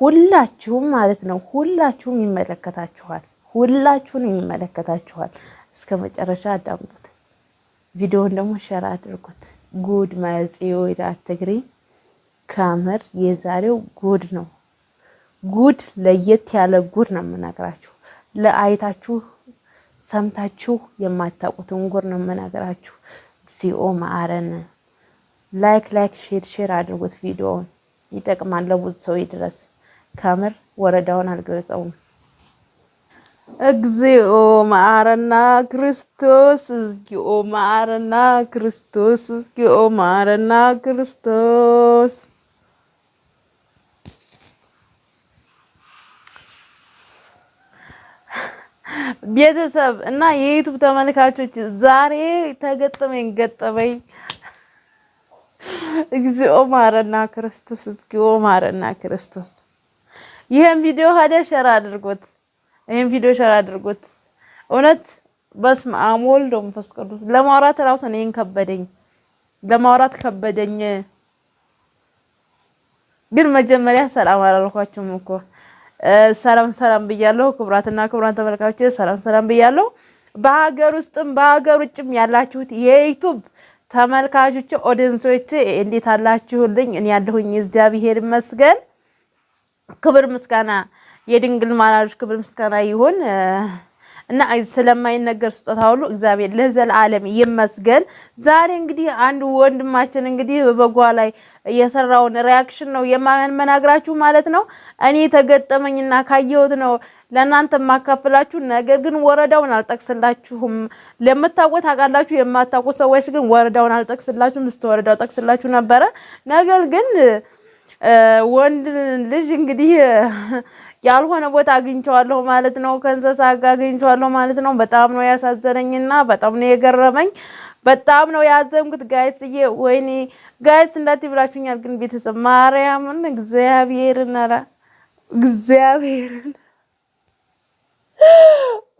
ሁላችሁም ማለት ነው። ሁላችሁም ይመለከታችኋል። ሁላችሁን ይመለከታችኋል። እስከ መጨረሻ አዳምጡት። ቪዲዮውን ደግሞ ሸር አድርጉት። ጉድ ማጽዮ አትግሪ ከምር የዛሬው ጉድ ነው። ጉድ ለየት ያለ ጉድ ነው የምናገራችሁ። ለአይታችሁ ሰምታችሁ የማታውቁትን ጉድ ነው የምናገራችሁ። እግዚኦ ማረን። ላይክ ላይክ ሼር ሼር አድርጉት ቪዲዮውን ይጠቅማል፣ ለብዙ ሰው ይድረስ። ከምር ወረዳውን አልገለጸውም። እግዚኦ ማረና ክርስቶስ፣ እግዚኦ ማረና ክርስቶስ፣ እግዚኦ ማረና ክርስቶስ። ቤተሰብ እና የዩቱብ ተመልካቾች ዛሬ ተገጠመኝ ገጠመኝ። እግዚኦ መሐረና ክርስቶስ፣ እግዚኦ ማረና ክርስቶስ እግዚኦ ማረና ክርስቶስ ይሄን ቪዲዮ ሀደ ሸር አድርጎት ይሄን ቪዲዮ ሸር አድርጎት። እውነት በስመ አብ ወልድ ወመንፈስ ቅዱስ። ለማውራት ራሱ እኔን ከበደኝ፣ ለማውራት ከበደኝ። ግን መጀመሪያ ሰላም አላልኳችሁም እኮ ሰላም ሰላም ብያለሁ። ክቡራትና ክቡራን ተመልካቾች ሰላም ሰላም ብያለሁ። በሀገር ውስጥም በሀገር ውጭም ያላችሁት የዩቱብ ተመልካቾች ኦዲንሶች እንዴት አላችሁልኝ? እኔ ያለሁኝ እግዚአብሔር ይመስገን። ክብር ምስጋና የድንግል ማርያም ክብር ምስጋና ይሁን እና ስለማይነገር ስጦታ ሁሉ እግዚአብሔር ለዘላለም ይመስገን። ዛሬ እንግዲህ አንድ ወንድማችን እንግዲህ በበጓ ላይ የሰራውን ሪያክሽን ነው የማመናግራችሁ ማለት ነው። እኔ ተገጠመኝና ካየሁት ነው ለእናንተ የማካፍላችሁ። ነገር ግን ወረዳውን አልጠቅስላችሁም። ለምታውቁት ታውቃላችሁ፣ የማታውቁ ሰዎች ግን ወረዳውን አልጠቅስላችሁም። ስተወረዳው ጠቅስላችሁ ነበረ ነገር ግን ወንድ ልጅ እንግዲህ ያልሆነ ቦታ አግኝቸዋለሁ ማለት ነው። ከእንስሳ ጋር አግኝቼዋለሁ ማለት ነው። በጣም ነው ያሳዘነኝና በጣም ነው የገረመኝ። በጣም ነው ያዘንኩት ጋይስ እዬ ወይኔ ጋይስ እንዳት ይብላችሁኛል። ግን ቤተሰብ ማርያምን እግዚአብሔርን ኧረ እግዚአብሔርን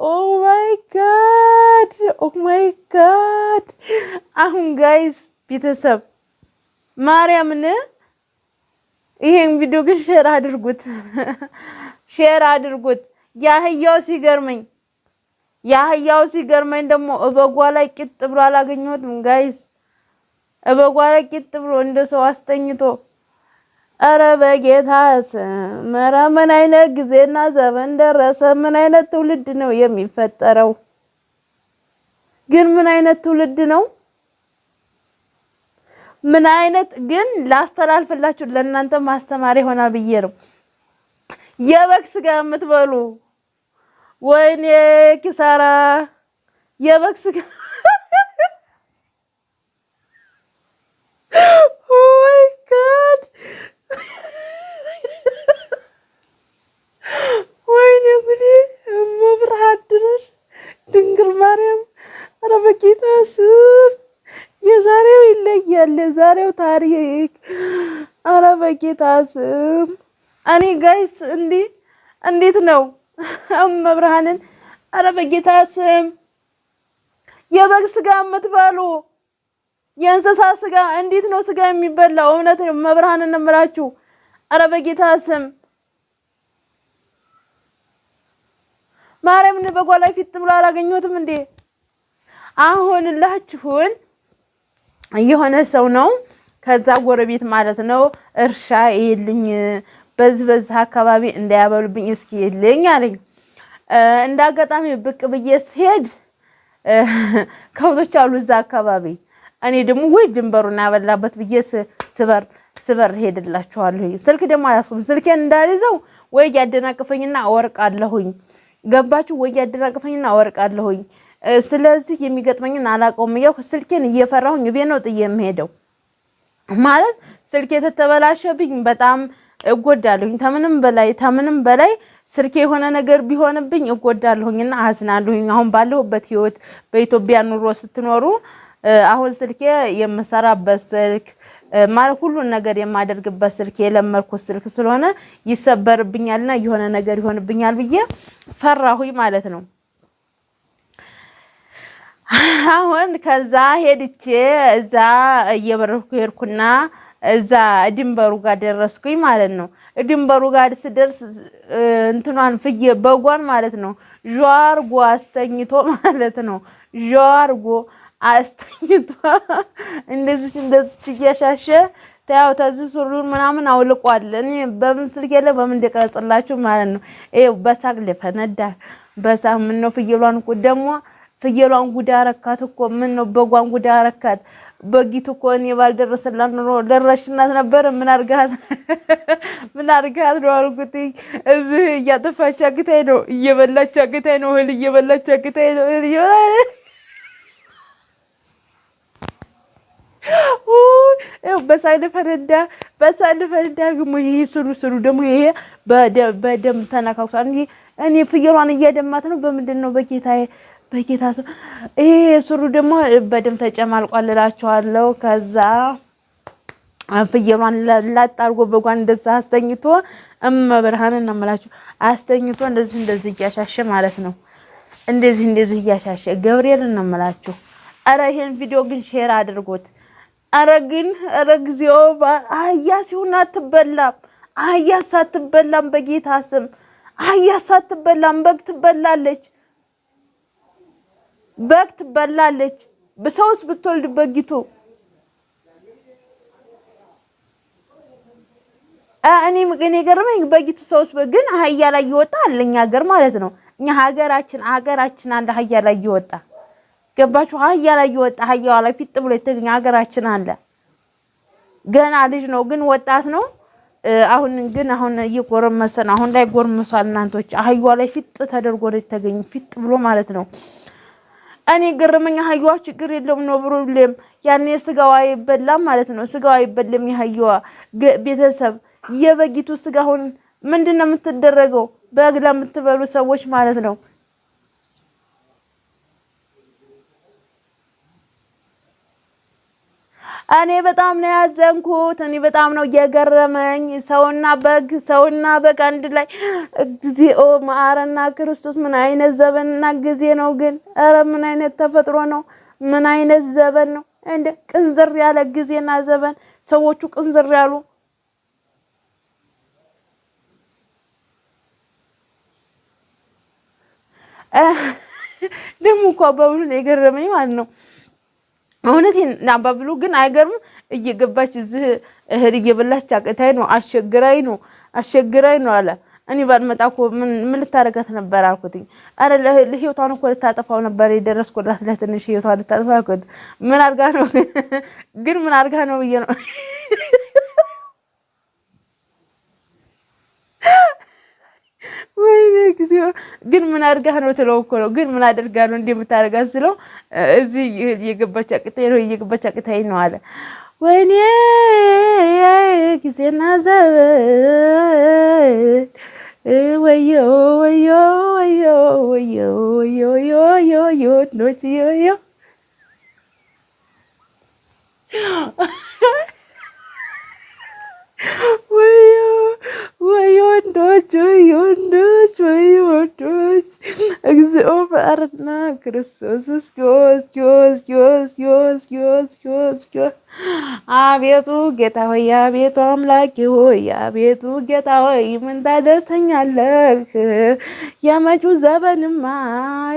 ኦ ማይ ጋድ ኦ ማይ ጋድ አሁን ጋይስ ቤተሰብ ማርያምን ይሄን ቪዲዮ ግን ሼር አድርጉት፣ ሼር አድርጉት። ያህያው ሲገርመኝ ያህያው ሲገርመኝ ደግሞ እበጓ ላይ ቂጥ ብሎ አላገኘሁትም ጋይስ። እበጓ ላይ ቂጥ ብሎ እንደ ሰው አስተኝቶ ኧረ በጌታ ስም ምን አይነት ጊዜና ዘመን ደረሰ? ምን አይነት ትውልድ ነው የሚፈጠረው? ግን ምን አይነት ትውልድ ነው? ምን አይነት ግን ላስተላልፍላችሁ ለእናንተ ማስተማሪያ ይሆናል ብዬ ነው። የበግ ስጋ የምትበሉ ወይኔ ኪሳራ የበግ ስጋ በጌታ ስም እኔ ጋይስ እንዲ እንዴት ነው መብርሃንን አረ በጌታ ስም የበግ ስጋ የምትበሉ የእንስሳ ስጋ እንዴት ነው ስጋ የሚበላው? እውነት ነው መብርሃንን እምላችሁ አረ በጌታ ስም ማርያምን በጓ ላይ ፊት ብሎ አላገኘትም እንዴ አሁን ላችሁን የሆነ ሰው ነው ከዛ ጎረቤት ማለት ነው እርሻ ይልኝ በዚህ በዚህ አካባቢ እንዳያበሉብኝ እስኪ ይልኝ አለኝ። እንደ አጋጣሚ ብቅ ብዬ ስሄድ ከብቶች አሉ እዛ አካባቢ። እኔ ደግሞ ወይ ድንበሩን ያበላበት ብዬ ስበር ስበር ሄድላችኋለሁ። ስልክ ደግሞ አያስኩም። ስልኬን እንዳልይዘው ወይ ያደናቅፈኝና አወርቃለሁኝ። ገባችሁ ወይ ያደናቅፈኝና አወርቃለሁኝ። ስለዚህ የሚገጥመኝን አላውቀውም። ያው ስልኬን እየፈራሁኝ ቤት ነው ጥዬ የምሄደው። ማለት ስልኬ ተተበላሸብኝ በጣም እጎዳለሁኝ። ከምንም በላይ ከምንም በላይ ስልኬ የሆነ ነገር ቢሆንብኝ እጎዳለሁኝ እና አዝናለሁኝ። አሁን ባለሁበት ህይወት በኢትዮጵያ ኑሮ ስትኖሩ አሁን ስልኬ የምሰራበት ስልክ ማለት ሁሉን ነገር የማደርግበት ስልክ የለመድኩት ስልክ ስለሆነ ይሰበርብኛልና የሆነ ነገር ይሆንብኛል ብዬ ፈራሁኝ ማለት ነው። አሁን ከዛ ሄድቼ እዛ እየበረርኩ ሄድኩና እዛ ድንበሩ ጋር ደረስኩኝ ማለት ነው። ድንበሩ ጋር ስደርስ እንትኗን ፍየ በጓን ማለት ነው ዣርጎ አስተኝቶ ማለት ነው ዣርጎ አስተኝቶ እንደዚህ እንደዚህ እያሻሸ ያው ተዚህ ሱሪውን ምናምን አውልቋል። እኔ በምን ስልክ የለ በምን እንደቀረጽላችሁ ማለት ነው። ይኸው በሳቅ ልፈነዳ በሳቅ ምነው ፍየሏን ደግሞ ፍየሏን ጉዳ ረካት እኮ ምን ነው በጓን ጉዳ ረካት። በጊት እኮ እኔ ባልደረሰላት ኑሮ ደረሽናት ነበር። ምን አርጋት ምን አርጋት ነው አልኩት። እዚህ እያጠፋች አግታኝ ነው እየበላች አግታኝ ነው እህል እየበላች አግታኝ ነው እህል እየበላች በሳይን ፈረዳ በሳል ፈረዳ ግሞ ይሄ ስሩ ስሩ ደግሞ ይሄ በደም ተነካክቷል። እኔ ፍየሯን እያደማት ነው። በምንድን ነው በጌታዬ በጌታ ስም ይሄ የሱሩ ደግሞ በደም ተጨማልቋል እላችኋለሁ። ከዛ ፍየሏን ላጣርጎ በጓን እንደዛ አስተኝቶ እመ ብርሃን እናመላችሁ አስተኝቶ እንደዚህ እንደዚህ እያሻሸ ማለት ነው። እንደዚህ እንደዚህ እያሻሸ ገብርኤል እናመላችሁ። አረ ይሄን ቪዲዮ ግን ሼር አድርጎት። አረ ግን አረ ጊዜው አህያ ሲሆን አትበላም። አህያ ሳትበላም በጌታ ስም አህያ ሳትበላም በግ ትበላለች። በግ ትበላለች። ሰውስ ብትወልድ በጊቱ እኔ እኔ ገርመኝ በጊቱ ሰውስ ግን አህያ ላይ ይወጣ አለኛ ሀገር ማለት ነው። እኛ ሀገራችን ሀገራችን አንድ አህያ ላይ ይወጣ ገባችሁ? አህያ ላይ ይወጣ አህያዋ ላይ ፊት ብሎ የተገኘ ሀገራችን አለ። ገና ልጅ ነው ግን ወጣት ነው። አሁን ግን አሁን እየጎረመሰ ነው። አሁን ላይ ጎርምሷል። እናንቶች አህያዋ ላይ ፊት ተደርጎ የተገኘ ፊት ብሎ ማለት ነው። እኔ ገረመኝ። አህያዋ ችግር የለውም ነው ብሮብሌም ያኔ ስጋዋ አይበላም ማለት ነው። ስጋዋ አይበላም። የአህያዋ ቤተሰብ የበጊቱ ስጋ አሁን ምንድን ነው የምትደረገው? በግ ለምትበሉ ሰዎች ማለት ነው። እኔ በጣም ነው ያዘንኩት። እኔ በጣም ነው የገረመኝ። ሰውና በግ ሰውና በግ አንድ ላይ እግዚኦ መሐረነ ክርስቶስ። ምን አይነት ዘበንና ጊዜ ነው ግን! ኧረ ምን አይነት ተፈጥሮ ነው! ምን አይነት ዘበን ነው! እንደ ቅንዝር ያለ ጊዜና ዘበን ሰዎቹ ቅንዝር ያሉ ደግሞ እኮ በብሉን የገረመኝ ማለት ነው እውነት አንባብሉ ግን አይገርምም። እየገባች እዚህ እህል እየበላች አቅታይ ነው አስቸግራኝ ነው አስቸግራኝ ነው አለ። እኔ ባልመጣ እኮ ምን ልታደርጋት ነበር አልኩትኝ። አረ ህይወቷን እኮ ልታጠፋው ነበር የደረስኩላት ለትንሽ ህይወቷ ልታጠፋ አልኩት። ምን አርጋ ነው ግን ምን አርጋ ነው ብዬ ነው ጊዜ ግን ምን አድርጋ ነው ትለው እኮ ነው። ግን ምን አድርጋ ነው እንዲህ የምታደርጋት ስለው እዚህ እየገባች አቅጣኝ ነው እየገባች አቅጣኝ ነው አለ። ወይኔ ጊዜና ዘመን ወዮ ወዮ ወዮ ወዮ ወዮ ወዮ ወዮ ወዮ ወዮ ወዮ ወዮ ወንዶች ወይ ወንዶች ወይ ወንዶች እግዚኦ መሐረነ ክርስቶስ ጊዮርጊስ ጊዮርጊስ ጊዮርጊስ ጊዮርጊስ ጊዮርጊስ አቤቱ ጌታ ሆይ አቤቱ አምላኬ ሆይ አቤቱ ጌታ ሆይ ምን ታደርሰኛለህ? የመጪው ዘመንማ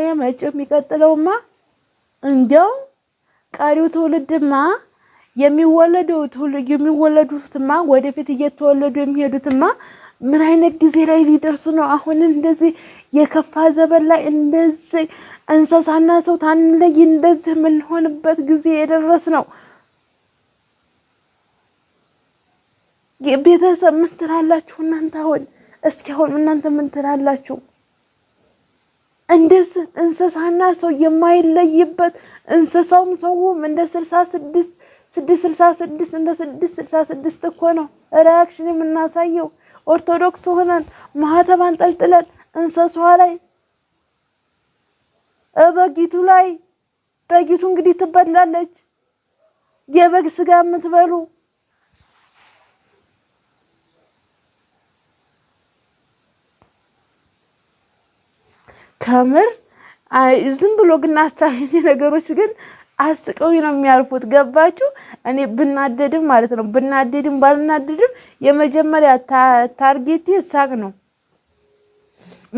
የመጪው የሚቀጥለውማ እንዲያው ቀሪው ትውልድማ የሚወለደው የሚወለዱትማ ወደፊት እየተወለዱ የሚሄዱትማ ምን አይነት ጊዜ ላይ ሊደርሱ ነው? አሁን እንደዚህ የከፋ ዘበን ላይ እንደዚህ እንስሳና ሰው ታንለይ እንደዚህ የምንሆንበት ጊዜ የደረስ ነው። ቤተሰብ ምን ትላላችሁ እናንተ? አሁን እስኪ አሁን እናንተ ምን ትላላችሁ? እንደዚህ እንስሳና ሰው የማይለይበት እንስሳውም ሰውም እንደ ስልሳ ስድስት ስድስት ስልሳ ስድስት እንደ ስድስት ስልሳ ስድስት እኮ ነው ሪያክሽን የምናሳየው ኦርቶዶክስ ሆነን ማህተብ አንጠልጥለን እንሰሷ ላይ በጊቱ ላይ በጊቱ እንግዲህ ትበላለች። የበግ ስጋ የምትበሉ ከምር ዝም ብሎ ግን አሳቢ ነገሮች ግን አስቀው ነው የሚያልፉት። ገባችሁ? እኔ ብናደድም ማለት ነው ብናደድም ባልናደድም የመጀመሪያ ታርጌት ሳቅ ነው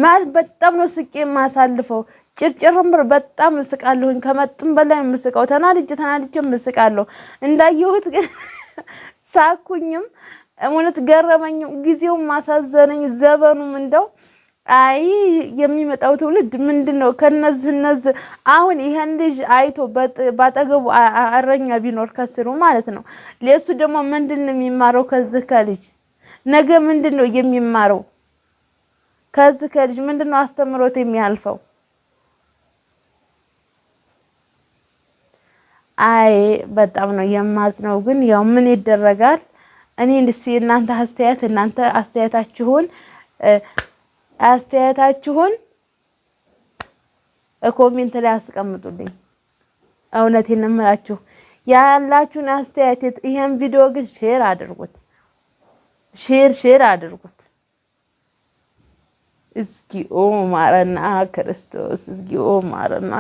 ማለት በጣም ነው ስቄ የማሳልፈው። ጭርጭርም በጣም እስቃለሁኝ ከመጥም በላይ የምስቀው ተናድጄ ተናድጄ የምስቃለሁ። እንዳየሁት ሳኩኝም እውነት ገረመኝም ጊዜውም ማሳዘነኝ ዘበኑም እንደው አይ የሚመጣው ትውልድ ምንድን ነው? ከነዚህ እነዚህ አሁን ይሄን ልጅ አይቶ ባጠገቡ እረኛ ቢኖር ከስሩ ማለት ነው። ለሱ ደግሞ ምንድን ነው የሚማረው ከዚህ ከልጅ ነገ ምንድን ነው የሚማረው ከዚህ ከልጅ ምንድን ነው አስተምሮት የሚያልፈው? አይ በጣም ነው የማዝነው። ግን ያው ምን ይደረጋል። እኔ እስኪ እናንተ አስተያየት እናንተ አስተያየታችሁን አስተያየታችሁን ኮሜንት ላይ አስቀምጡልኝ። እውነቴን እምላችሁ ያላችሁን አስተያየት። ይሄን ቪዲዮ ግን ሼር አድርጉት፣ ሼር ሼር አድርጉት። እስኪ ኦ ማረና ክርስቶስ፣ እስኪ ኦ ማረና